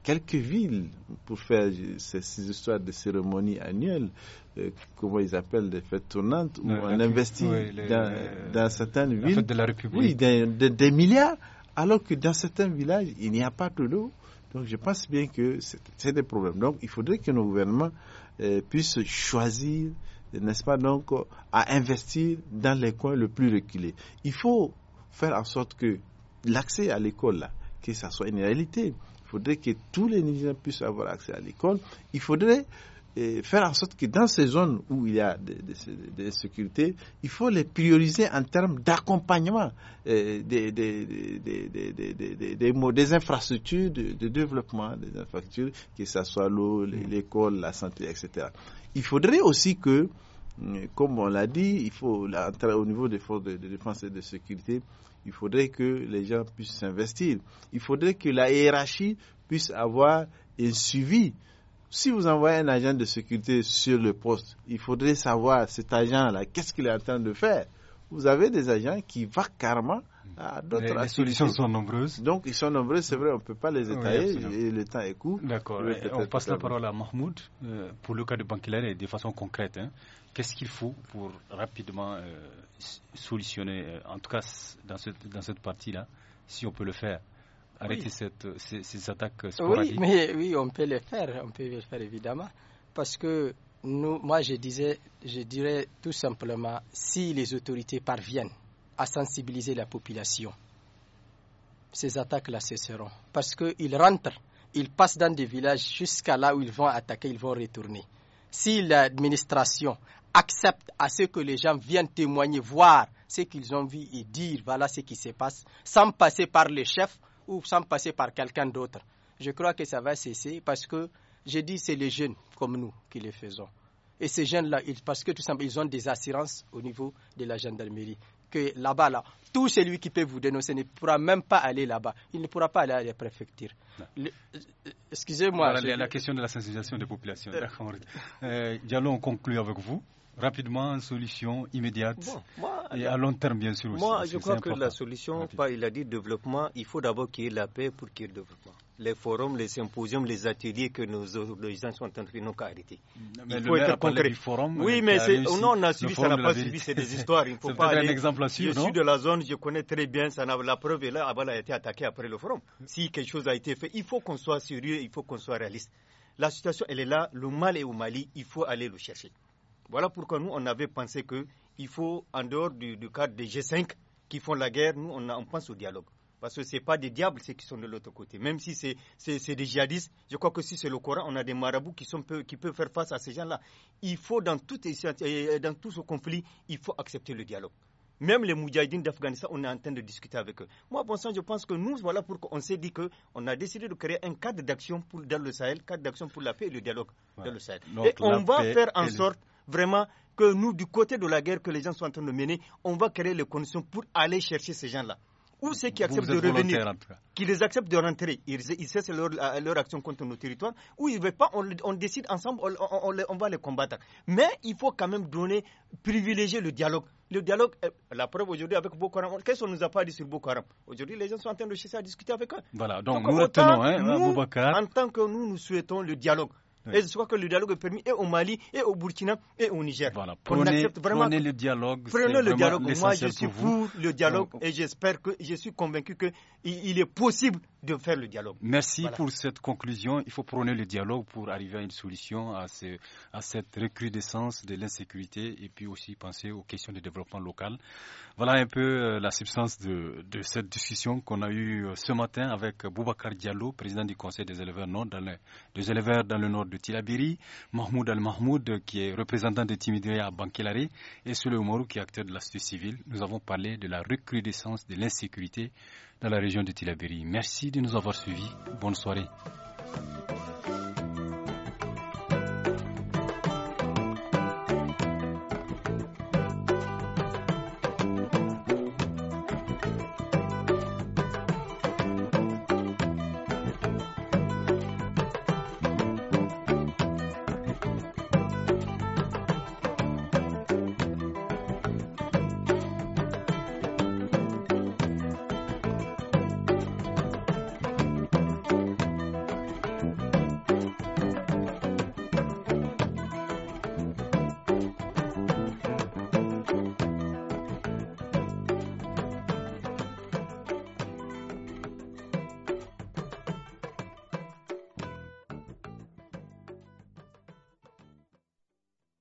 quelques villes pour faire ces, histoires de cérémonies annuelles, euh, comment ils appellent des fêtes tournantes, où on investit dans, certaines villes, de la République. oui, des, milliards, alors que dans certains villages il n'y a pas de l'eau. Donc je pense bien que c'est des problèmes. Donc il faudrait que nos gouvernements euh, puissent choisir, n'est-ce pas, donc à investir dans les coins le plus reculés. Il faut faire en sorte que l'accès à l'école, que ça soit une réalité. Il faudrait que tous les Nigériens puissent avoir accès à l'école. Il faudrait eh, faire en sorte que dans ces zones où il y a des, sécurités, il faut les prioriser en termes d'accompagnement eh, des, des, infrastructures, de, de, développement des infrastructures, que ce soit l'eau, mm. l'école, la santé, etc. Il faudrait aussi que comme on l'a dit, il faut, au niveau des forces de, défense et de sécurité, il faudrait que les gens puissent s'investir. Il faudrait que la hiérarchie puisse avoir un suivi. Si vous envoyez un agent de sécurité sur le poste, il faudrait savoir cet agent-là, qu'est-ce qu'il est en train de faire. Vous avez des agents qui va carrément à d'autres les solutions sont nombreuses. Donc, ils sont nombreuses, c'est vrai, on ne peut pas les étaler, et le temps est court. D'accord, on passe la parole à Mahmoud euh, pour le cas de et de façon concrète. Hein qu'est-ce qu'il faut pour rapidement euh, solutionner, euh, en tout cas dans, cette partie-là, si on peut le faire Arrêter ces, ces, attaques euh, sporadiques Oui, on peut le faire, on peut le faire évidemment, parce que moi je, disais, je dirais tout simplement, si les autorités parviennent à sensibiliser la population, ces attaques-là cesseront, parce qu'ils rentrent, ils passent dans des villages jusqu'à là où ils vont attaquer, ils vont retourner si l'administration accepte à ce que les gens viennent témoigner, voir ce qu'ils ont vu et dire voilà ce qui se passe, sans passer par les chefs ou sans passer par quelqu'un d'autre. Je crois que ça va cesser parce que j'ai dit c'est les jeunes comme nous qui les faisons. Et ces jeunes-là, parce que tout simplement, ils ont des assurances au niveau de la gendarmerie. Que là-bas, tout celui qui peut vous dénoncer ne pourra même pas aller là-bas. Il ne pourra pas aller à la préfecture. Excusez-moi. la question de la sensibilisation des populations. Euh, conclut avec vous rapidement, solution immédiate et à long terme, bien sûr. Moi, je crois que la solution, pas, il a dit développement, il faut d'abord qu'il y ait la paix pour qu'il y ait le développement. Les forums, les symposiums, les ateliers que nos organisations sont en train Mais Il faut être concret. forum, oui, mais non, on a subi, ça n'a pas subi, c'est des histoires. Il faut pas un exemple Je suis de la zone, je connais très bien, ça la preuve est là, elle a été attaqué après le forum. Mm. Si quelque chose a été fait, il faut qu'on soit sérieux, il faut qu'on soit réaliste. La situation, elle est là, le mal est au Mali, il faut aller le chercher. Voilà pourquoi nous, on avait pensé qu'il faut, en dehors du, cadre des G5 qui font la guerre, nous, on, pense au dialogue. Parce que ce n'est pas des diables ceux qui sont de l'autre côté. Même si c'est des djihadistes, je crois que si c'est le Coran, on a des marabouts qui, sont, qui peuvent faire face à ces gens-là. Il faut, dans tout, dans tout ce conflit, il faut accepter le dialogue. Même les moudjahidines d'Afghanistan, on est en train de discuter avec eux. Moi, bon sens, je pense que nous, voilà pourquoi on s'est dit qu'on a décidé de créer un cadre d'action dans le Sahel, cadre d'action pour la paix et le dialogue dans le Sahel. et on va faire en sorte vraiment que nous, du côté de la guerre que les gens sont en train de mener, on va créer les conditions pour aller chercher ces gens-là. Ou ceux qui acceptent de revenir, qui les acceptent de rentrer, ils, cessent leur, action contre nos territoires, ou ils ne veulent pas, on, décide ensemble, on, va les combattre. Mais il faut quand même donner, privilégier le dialogue le dialogue, euh, la preuve aujourd'hui avec Boko Haram, qu'est-ce qu'on nous a pas dit sur Boko Haram Aujourd'hui, les gens sont en train de chercher à discuter avec eux. Voilà, donc, hein, en tant que nous, nous souhaitons le dialogue. Et je crois que le dialogue est permis et au Mali, et au Burkina, et au Niger. Voilà. Prenez, le dialogue. Prenez le dialogue. Moi, je suis pour, le dialogue et j'espère que je suis convaincu qu'il il est possible de faire le dialogue. Merci pour cette conclusion. Il faut prôner le dialogue pour arriver à une solution à, cette recrudescence de l'insécurité et puis aussi penser aux questions de développement local. Voilà un peu euh, la substance de, cette discussion qu'on a eue euh, ce matin avec Boubacar Diallo, président du Conseil des éleveurs, nord dans le, des éleveurs dans le nord de Tilabiri, Mahmoud Al-Mahmoud, qui est représentant de Timidouya à Bankilari, et Sule Oumarou, qui est acteur de la société civile. Nous avons parlé de la recrudescence de l'insécurité dans la région de Tilabiri. Merci de nous avoir suivis. Bonne soirée.